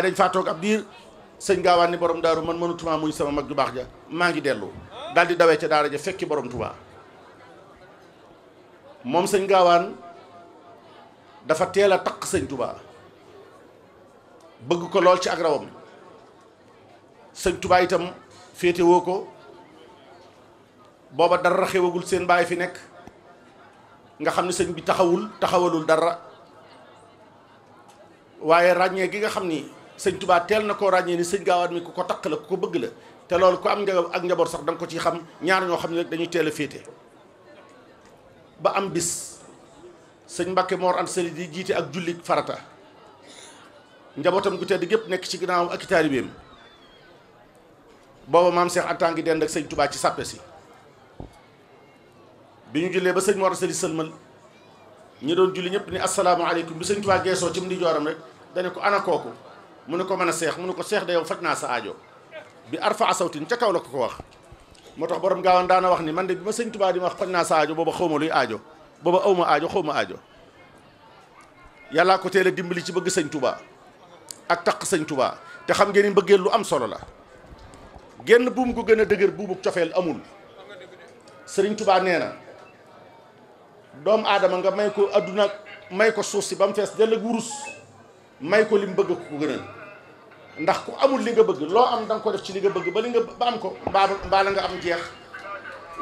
waaye dañ faa toog ab diir sëñ gaawaan ni borom daaru man mënutuma muy sama mag ju baax ja maa ngi dellu daal di dawee ca daara ja fekki borom tubaa moom sëñ gaawaan dafa teel a takk sëñ tubaa bëgg ko lool ci ak rawam sëñ tubaa itam féetewoo ko booba dara xewagul seen baay fi nekk nga xam ne sëñ bi taxawul taxawalul dara waaye ràññee gi nga xam ni sëñ tubaa teel na koo ràññee ni sëñ gaawaat mi ku ko takk la ku ko bëgg la te loolu ku am nga ak njaboot sax da nga ko ci xam ñaar ñoo xam ne rek dañuy teel a féete ba am bis sëñ Mbàkke Mor Anta Sali di jiite ak julli farata njabootam gu tedd gépp nekk ci ginnaawam ak taalibeem booba maam Cheikh Anta ngi dend ak sëñ tubaa ci sàppe si bi ñu jullee ba sëñ Mor Anta Sali sëlmal ñi doon julli ñëpp ni asalaamaaleykum bi sëñ tubaa geesoo ci mu di ko ana kooku mu ne ko mën a seex mu ne ko seex de yow faj naa sa aajo bi arfa asawtin ca kaw la ko ko wax moo tax borom gaawaan daana wax ni man de bi ma sëñ Tuubaa di ma wax faj naa sa booba xaw ma luy ajo booba aw ma aajo xaw ma aajo yàllaa ko teel a dimbali ci bëgg sëñ Tuubaa ak taq sëñ tubaa te xam ngeen ni mbëggeel lu am solo la genn buum ko gën a dëgër buumu cofeel amul sëriñ Tuubaa nee na doomu aadama nga may ko adduna may ko suuf si ba mu fees dell ak wurus may ko li mu bëgg ku gënal ndax ku amul li nga bëgg loo am da nga ko def ci li nga bëgg ba li nga ba am ko mbaa mbaa la nga am jeex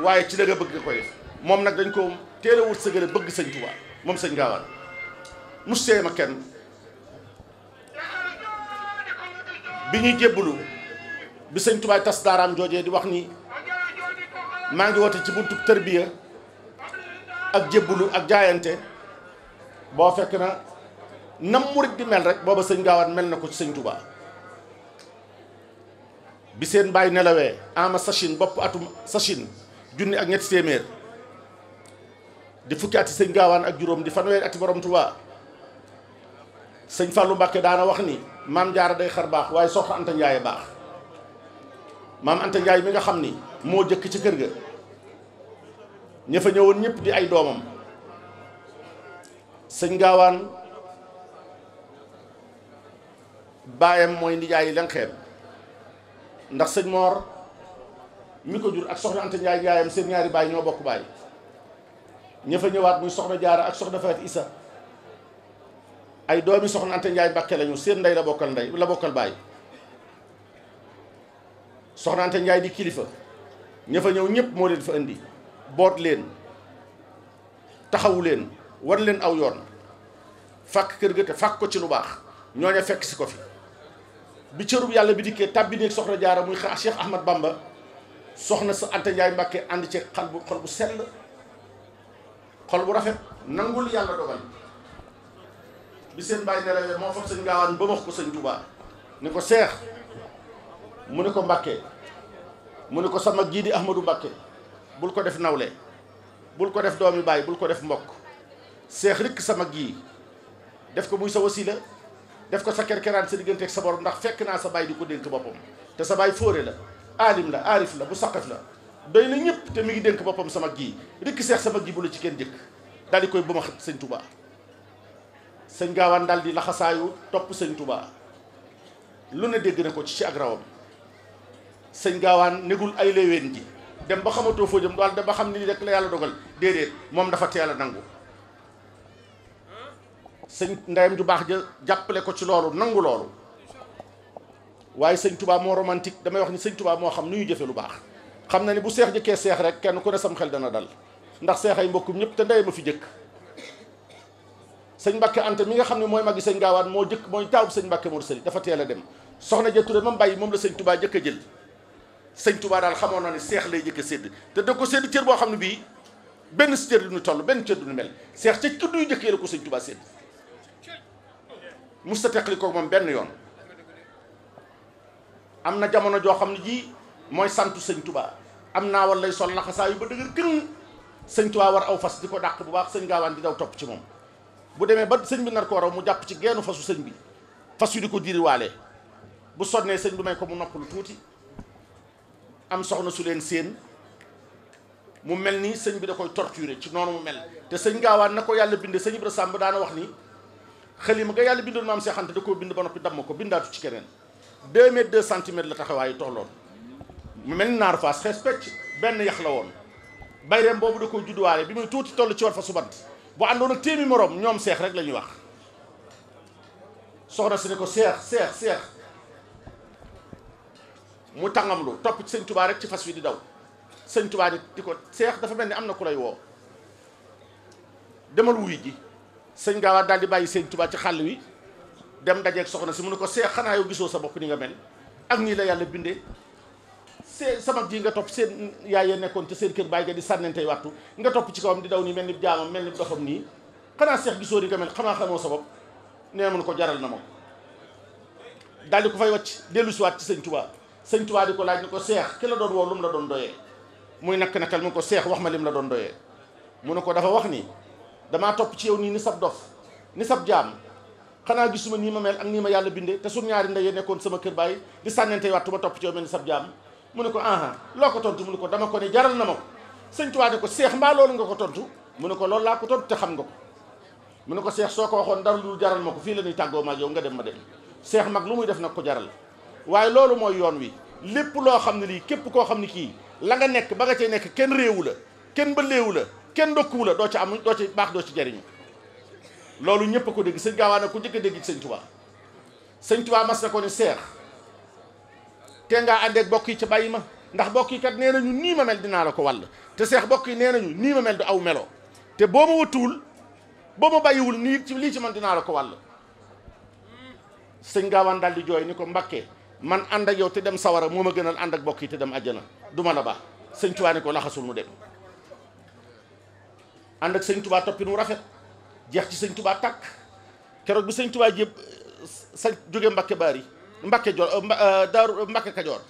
waaye ci la nga bëgg nga koy moom nag dañ ko teel a wut sëgale bëgg sëñ Tuubaa moom sañ Gaawaan mu ma kenn bi ñuy jébbalu bi sëñ Tuubaa tas daaraam joojee di wax ni maa ngi woote ci buntu tërbiya ak jébbalu ak jaayante boo fekk na nam murit di mel rek booba sëñ gaawaan mel na ko ci sëñ Touba bi seen bàyyi nelawee ama sachin bopp atum sachin junni ak ñetti séeméer di fukki ati sëñ gaawaan ak juróom di fanwe ati borom Touba sëñ Fallou Mbàkke daana wax ni maam jaara day xar baax waaye soxna Anta baax maam Anta Ndiaye mi nga xam ni moo jëkk ci kër ga ña ñëwoon ñëpp di ay doomam sëñ gaawaan baayam mooy ndijaayi lenqeen ndax sëñ moor mi ko jur ak soxna Anta Ndiaye yaayam seen ñaari baay ñoo bokk baay ña ñëwaat muy soxna jaara ak soxna Fayet Isa ay doomi soxna Anta Ndiaye Mbàkke lañu seen ndey la bokkal ndey la bokkal baay soxna Anta Ndiaye di kilifa ñëfa ñëw ñëpp moo leen fa indi boot leen taxawu leen war leen aw yoon fàkk kër ga te fàkk ko ci lu baax ñooña fekk si ko fi bi cërub yàlla bi dikkee tab bi soxna jaara muy xa Cheikh Ahmad Bamba soxna sa Anta Ndiaye Mbàkke ànd ci xal bu xol bu sell xol bu rafet nangul yàlla dogal bi seen bàyyi nelawee moo fab sëñ gaawaan ba wax ko sëñ Tuubaa ni ko seex mu ne ko Mbàkke mu ne ko sama jii di Ahmadou Mbàkke bul ko def nawle bul ko def doomi baay bul ko def mbokk seex rikk sama jii def ko muy sa wasila def ko sa kerkeraan sa diggante ak sa borom ndax fekk naa sa baay di ko dénk boppam te sa baay fóore la aalim la aarif la bu saqaf la doy na ñëpp te mi ngi dénk boppam sama gii rikki seex sama gi bu la ci kenn jëkk daal di koy ba sañ tubaa sëñ gaawaan daal di laxasaayu topp sëñ tubaa lu ne dégg na ko ci ci ak rawam sëñ gaawaan négul ay léewéen ji dem ba xamatoo foo jëm daal da ba xam ni rek la yàlla dogal déedéet moom dafa teel a nangu sëñ ndeyam ju baax ja jàppale ko ci loolu nangu loolu waaye sëñ tubaa moo romantique damay wax ni sëñ tubaa moo xam nu ñu jëfe lu baax xam na ni bu seex jëkkee seex rek kenn ku ne sam xel dana dal ndax seex ay mbokkum ñëpp te ndeyam a fi jëkk sëñ Mbàkke Anta mi nga xam ne mooy magi sëñ gaawaan moo jëkk mooy taawub sëñ Mbàkke Mor Sëli dafa teel dem soxna ja Ture mam moom la sëñ tubaa jëkk jël sëñ tubaa daal xamoon na ne seex lay jëkk a sédd te da ko sédd cër boo xam ne bii benn cër du ñu toll benn cër du ñu mel seex ca cër yu jëkkee la ko sëñ tubaa sédd mus sa teqli moom benn yoon am na jamono joo xam ne ji mooy santu sëñ tubaa am naa war lay sol laxasaa yu ba dëgër këng sëñ tubaa war aw fas di ko dàq bu baax sëñ gaawaan di daw topp ci moom bu demee ba sëñ bi nar koo raw mu jàpp ci geenu fasu sëñ bi fas yu di ko diri waalee bu sonnee sëñ bi may ko mu noppalu tuuti am soxna su leen séen mu mel ni sëñ bi da koy torturer ci noonu mu mel te sëñ gaawaan na ko yàlla binde sëñ Ibra Sàmb daana wax ni xalima nga yàlla bindoon maam Cheikh Anta da koo bind ba noppi damm ko bindaatu ci keneen deux mètres deux centimètres la taxawaayu tolloon mu mel ni naaru faas xees pecc benn yax la woon bayreem boobu da koo judduwaale bi muy tuuti toll ci war fa subat bu àndoon ak téemi moroom ñoom seex rek la ñuy wax soxna si ne ko seex seex seex mu tàngamlu topp ci sëñ tubaa rek ci fas wi di daw sëñ tubaa di ko seex dafa mel ni am na ku lay woo demal wuy ji sëñ gaawaa daal di bàyyi sëñ Tuubaa ci xàll wi dem dajeeg soxna si mu ne ko see xanaa yow gisoo sa bopp ni nga mel ak nii la yàlla bindee see sama ji nga topp seen yaay ya nekkoon ca seen kër bàyyi nga di sànnantey wattu nga topp ci kawam di daw nii mel ni jaamam mel ni doxam nii xanaa seex gisoo ni nga mel xamaa xamoo sa bopp nee mun ko jaral na ma ko daal di ko fay wàcc dellu siwaat ci sëñ Tuubaa sëñ Tuubaa di ko laaj ni ko seex ki la doon woo lu la doon doyee muy nakk nakal mu ko seex wax ma lim la doon doyee mu ne ko dafa wax ni damaa topp ci yow nii ni sab dof ni sab jaam xanaa gisuma nii ma mel ak nii ma yàlla binde te su ñaari ndey nekkoon sama kër bàyyi di sànnante waat ma topp ci yow mel ni sab jaam mu ne ko aha loo ko tontu mu ne ko dama ko ne jaral na ma ko sëñ ko seex mbaa loolu nga ko tontu mu ne ko lool laa ko tontu te xam nga ko mu ne ko seex soo ko waxoon dara lu jaral ma ko fii la ñuy tàggoo ma ak nga dem ma de seex mag lu muy def nag ko jaral waaye loolu mooy yoon wi lépp loo xam ne lii képp koo xam ne kii la nekk ba nga cay nekk kenn réewu la kenn ba léewu la kenn ndokkuwu doo ci am doo baax doo ci jariñu loolu ñëpp a ko dégg sëñ Gaawaan ku njëkk a dégg ci sëñ Tuubaa sëñ Tuubaa mas na ko ni seex te ngaa àndeek bokk yi ca bàyyi ma ndax bokk yi kat nee nañu nii dinaa la ko wàll te seex bokk yi nee nañu nii ma mel du aw melo te boo ma wëttuwul boo ma bàyyiwul nii ci lii ci man dinaa la ko wàll sëñ Gaawaan daal di jooy ni ko mbakkee man ànd ak yow te dem sawara moo ma gënal ànd ak bokk yi te dem àjjana du ma la ba sëñ Tuubaa ko laxasul mu dem ànd ak sëñ tubaa toppin wu rafet jeex ci sëñ tubaa tàkk keroog bi sëñ tubaa jéb eh, sa jóge mbakke baari mbakke joor eh, eh, daaru kajoor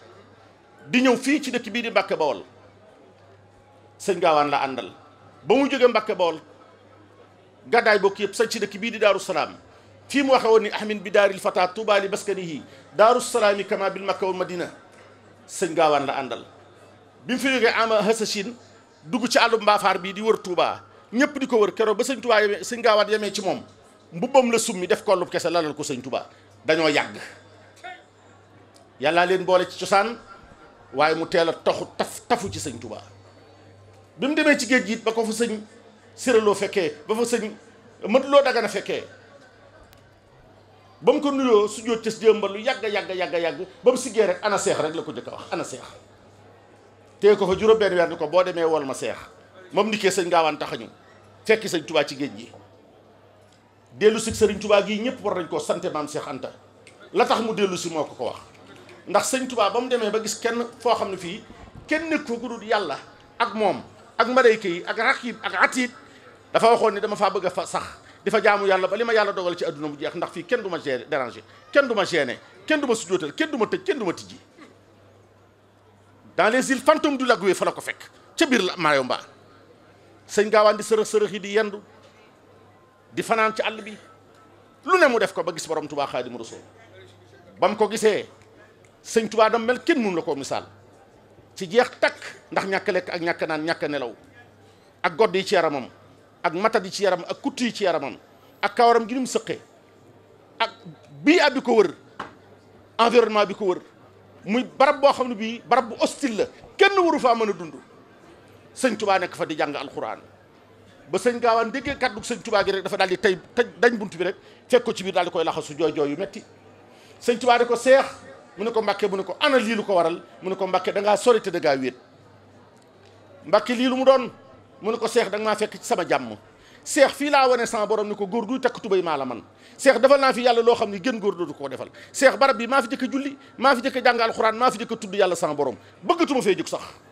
di ñëw fii ci dëkk bii di mbakke bawol sëñ gaawaan la àndal ba mu jóge mbakke bawol gàddaay bokk yëpp sañ ci dëkk bii di daaru salaam fii mu waxe woon ni ahmin bi daaril fata tuubaali baskanihi daaru salaami kama bil makka wal madina sëñ gaawaan la àndal bi mu fi jógee ama hasashin dugg ci àllu mbaafaar bii di wër tuubaa ñépp di ko wër keroo ba sëñ tubaa yemee sëñ gaawaat yemee ci moom mbubbam la summi def kollub kese lalal ko sëñ tubaa dañoo yàgg yàllaa leen boole ci cosaan waaye mu teel a taxu taf tafu ci sëñ tubaa bi mu demee ci géej gi ba ko fa sëñ séraloo fekkee ba fa sëñ mëtuloo dagana fekkee ba mu ko nuyoo su jóot ca jëmba lu yàgg yàgg yàgg yàgg ba mu siggee rek ana seex rek la ko jëkk a wax ana seex tee ko fa juróom benn weer ko boo demee wol ma seex moom ndikkee sëñ gaawaan taxañu fekki sëñ tubaa ci géej gi dellu si sëriñ tubaa gii ñëpp war nañ koo sante maam Cheikh Anta la tax mu dellu si moo ko ko wax ndax sëñ tubaa ba mu demee ba gis kenn foo xam ne fii kenn nekk ko gudul yàlla ak moom ak malayka yi ak raqib ak atiit dafa waxoon ne dama faa bëgg fa sax di fa jaamu yàlla ba li ma yàlla dogal ci àdduna mu jeex ndax fii kenn du ma géré dérangé kenn du ma gêné kenn du ma sujootal kenn du ma tëj kenn du ma tijji dans les îles fantômes du Lagué fa la ko fekk ca biir la Mayomba sëñ gaawaan di sërëx sërëx di yendu di fanaan ci àll bi lu ne mu def ko ba gis borom tubaa xaadimu rasuul ba mu ko gisee sëñ tubaa dam mel kenn mun la koo misaal ci jeex takk ndax ñàkk lekk ak ñàkk naan ñàkk nelaw ak godd yi ci yaramam ak matat yi ci yaram ak kutt yi ci yaramam ak kawaram gi ni mu sëqee ak bii ab bi ko wër environnement bi ko wër muy barab boo xam ne bii barab bu hostile la kenn waru faa mën a dund sëñ tubaa nekk fa di jàng alxuraan ba sëñ gaawaan déggee kàddu sëñ tubaa gi rek dafa daal di tey tëj dañ bunt bi rek fekk ko ci biir daal di koy laxasu jooy jooy yu metti sëñ tubaa di ko seex mu ne ko mbàkke mu ne ko ana lii lu ko waral mu ne ko mbàkke da ngaa sori te da ngaa wéet mbàkke lii lu doon mu ne ko seex da nga maa fekk ci sama jàmm seex fii laa wane sama borom ni ko góor guy takk tubay maa la man seex defal naa fi yàlla loo xam ni gën góor doodu ko defal seex barab bi maa fi jëkk maa fi jëkk jàng alxuraan maa fi tudd yàlla sama borom bëggatuma fee jóg sax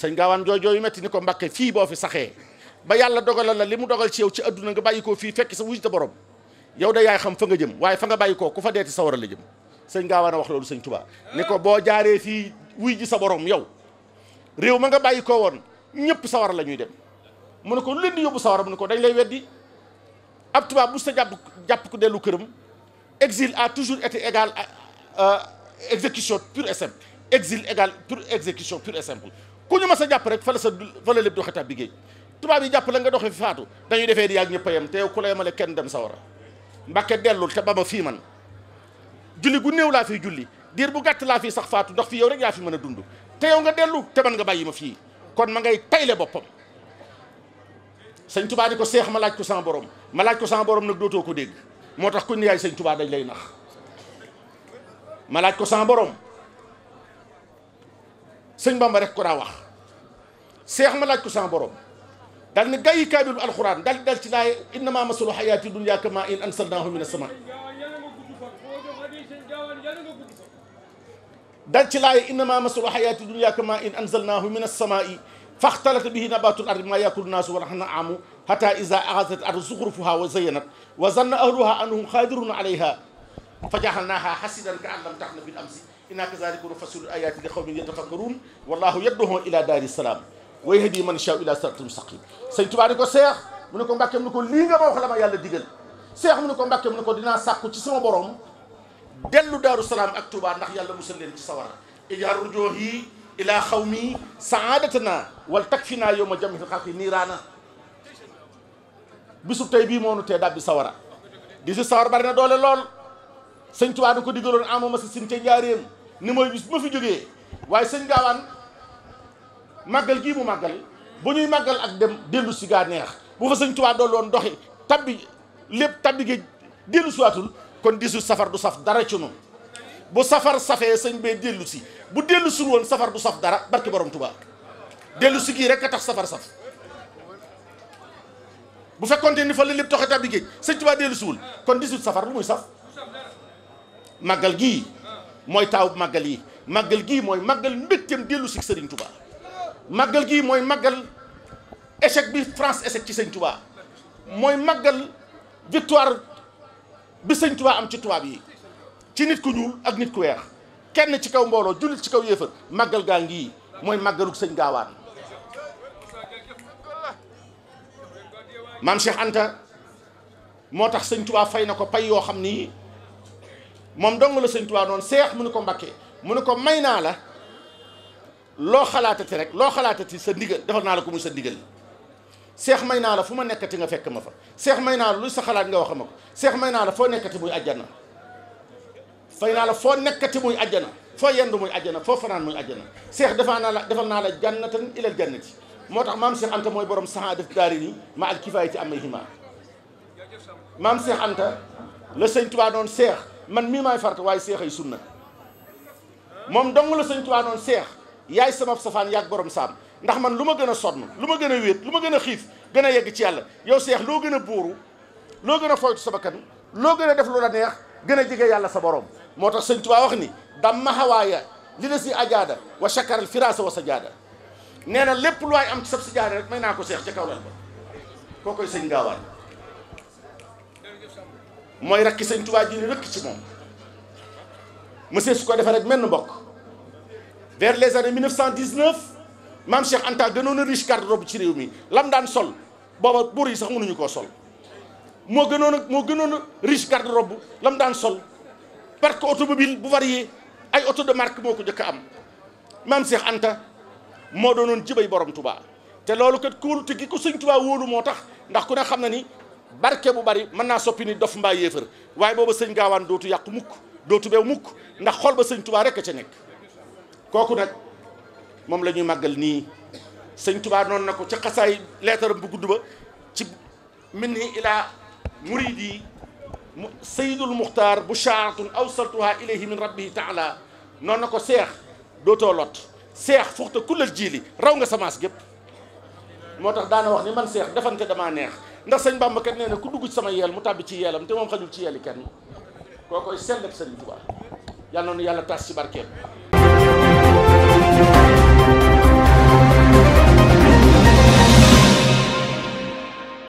sëñ gaawaan joojoo yu metti ni ko mbakke fii boo fi saxee ba yàlla dogalal la li mu dogal ci yow ci adduna nga bàyyi koo fii fekk sa wujj ta borom yow da yaay xam fa nga jëm waaye fa nga bàyyi koo ku fa deeti sawara la jëm sëñ gaawaan a wax loolu sëñ Tuubaa ni ko boo jaaree fii wuy ji sa boroom yow réew ma nga bàyyi ko woon ñëpp sawara la ñuy dem mu ne ko lu leen di yóbbu sawara mu ne ko dañ lay weddi ab tubaab bu sa jàpp jàpp ko dellu këram exil a toujours été égal à euh, exécution pure et simple exil égal pure exécution pure ku ñu ma sa jàpp rek fa la sa fa la lépp du bi géej tubaab yi jàpp la nga doxee fi faatu dañuy defee di yàgg ñëpp a yem te ku la yemale kenn dem sawara mbàkke dellul te ba ma fii man julli gu néew laa fiy julli diir bu gàtt laa fiy sax faatu ndox fi yow rek yaa fi mën a dund te yow nga dellu te man nga bàyyi ma fii kon ma ngay tayle boppam sëñ tubaa di ko seex ma laaj ko sama borom ma laaj ko sama borom nag dootoo ko dégg moo tax ku ne yaay sañ tubaa dañ lay nax ma laaj ko sama borom sëñ Bamba rek ko daa wax seex ma laaj ko sama borom daal ni gàyyi kaabiru alxuraan daal di dal ci laay innama masalu xayaati dunya kama in ansalnaahu min asama dal ci laay innama masalu xayaati dunya kama in ansalnaahu min asamaai faxtalata bihi nabatul ardi ma yakulu naasu wa laxna amu xata ida axasat ardu zuxrufuha wa zayanat wa zanna ahluha annahum xaadiruna alayha fa jaaxal naaxaa xasidan ka an lam tax na bil am si inna kazalika nufassilu ayaati li qawmin yatafakkarun wallahu yadduhu ila daari salaam wa yahdi man yashaa ila siraatin mustaqim sëñ Tuubaa ni ko seex mu ne ko mbàkke mu ne ko lii nga ma wax la ma yàlla digal seex mu ne ko mbàkke mu ne ko dinaa sàkku ci sama borom dellu daaru salaam ak Tuubaa ndax yàlla musal leen ci sawara ijaar rujuhi ila xawmi saadatana wal takfina yawma jamhil xaqi niiraana bisub tey bii moo nu tee dàbbi sawara di si sawar bari na doole lool sëñ Tuubaa da ko digaloon amama si sin ca njaareem ni mooy bis ma fi jógee waaye sëñ gaawaan màggal gii mu màggal bu ñuy màggal ak dem dellu si gaa neex bu fa sëñ Tuubaa doon loon doxi tabbi lépp tabbi gi dellu siwaatul kon disu safar du saf dara ci noonu bu safar sëñ bee dellu si bu dellu sul safar du saf dara barki borom Tuubaa dellu si gii rek a tax safar saf bu fekkonte ni fa la lépp doxi tabbi géej sëñ Tuubaa dellu siwul kon disu safar lu muy saf màggal gii mooy taaw màggal yi màggal gii mooy màggal mbégteem dellu si Serigne Touba màggal gii mooy màggal échec bi France échec ci Serigne Touba mooy màggal victoire bi Serigne Touba am ci tubaab yi ci nit ku ñuul ak nit ku weex kenn ci kaw mbooloo jullit ci kaw yéefar màggal gaa ngi mooy màggalu sëñ gaawaan maam Cheikh Anta moo tax Serigne Touba fay na ko pay yoo xam ni. moom dong la sëñ Tuubaa noonu seex mu ne ko mbakkee mu ne ko may naa la loo xalaatati rek loo xalaatati sa ndigal defal naa la ko muy sa ndigal seex may naa la fu ma nekkati nga fekk ma fa seex may naa la sa xalaat nga wax ma ko seex may naa la foo nekkati muy àjjana naa la foo nekkati muy àjjana foo yendu muy àjjana foo fanaan muy àjjana seex defaa naa la defal naa la jannatan ilal jannati moo tax maam Seex Anta mooy borom saxaa def daari nii ma al kifaayati am ay himaa maam Seex Anta la sëñ Tuubaa doon seex man mii maay farata waaye seexay sunna moom dong la sëñ Tuubaa noonu seex yaay sama safaan yàgg borom saam ndax man lu ma gën a sonn lu ma gën a wéet lu ma gën a xiif gën a yegg ci yàlla yow seex loo gën a buuru loo gën a foytu sa bakkan loo gën a def lu a neex gën a jege yàlla sa borom moo tax sëñ Tuubaa wax ni dam mahawaaya li la si ajaada wa chakaral firasa wa sajaada nee na lépp lu waay am ci sab si rek may naa ko seex ca kaw lal ba koo koy sëñ mooy rakki sëñ Tuubaa ju ni rëkk ci moom monsieur su ko defee rek menn mbokk vers les années 1919 maam Cheikh Anta gënoon a riche garde-robe ci réew mi lam daan sol booba buur yi sax mënuñu koo sol moo gënoon a moo gënoon a riche garde-robe lam daan sol parc automobile bu varié ay auto de marque moo ko njëkk am maam Cheikh Anta moo doonoon jibay borom Touba te loolu kat kóolute gi ko sëñ Touba wóolu moo tax ndax ku ne xam na ni barke bu bari mën naa soppi ni dof mbaa yéefar waaye booba sëñ gaawaan dootu yàqu mukk dootu beew mukk ndax xol ba sëñ tubaa rek a nekk kooku nag moom la ñuy màggal nii sëñ tubaa noonu na ko ca xasaay leetaram bu gudd ba ci min ni ilaa murid yi sayidul muxtaar bu shaatun awsaltuha ilayhi min rabbihi taala noonu na ko seex dootoo lot seex fuxta kullal jiili raw nga samaas gépp moo tax daana wax ni man seex defante damaa neex ndax sëñ Bàmba kat nee na ku dugg ci sama yeel mu tàbbi ci yeelam te moom xajul ci yeeli kenn koo koy sell ak sëriñ Tuubaa yàlla noonu yàlla tas ci barkeem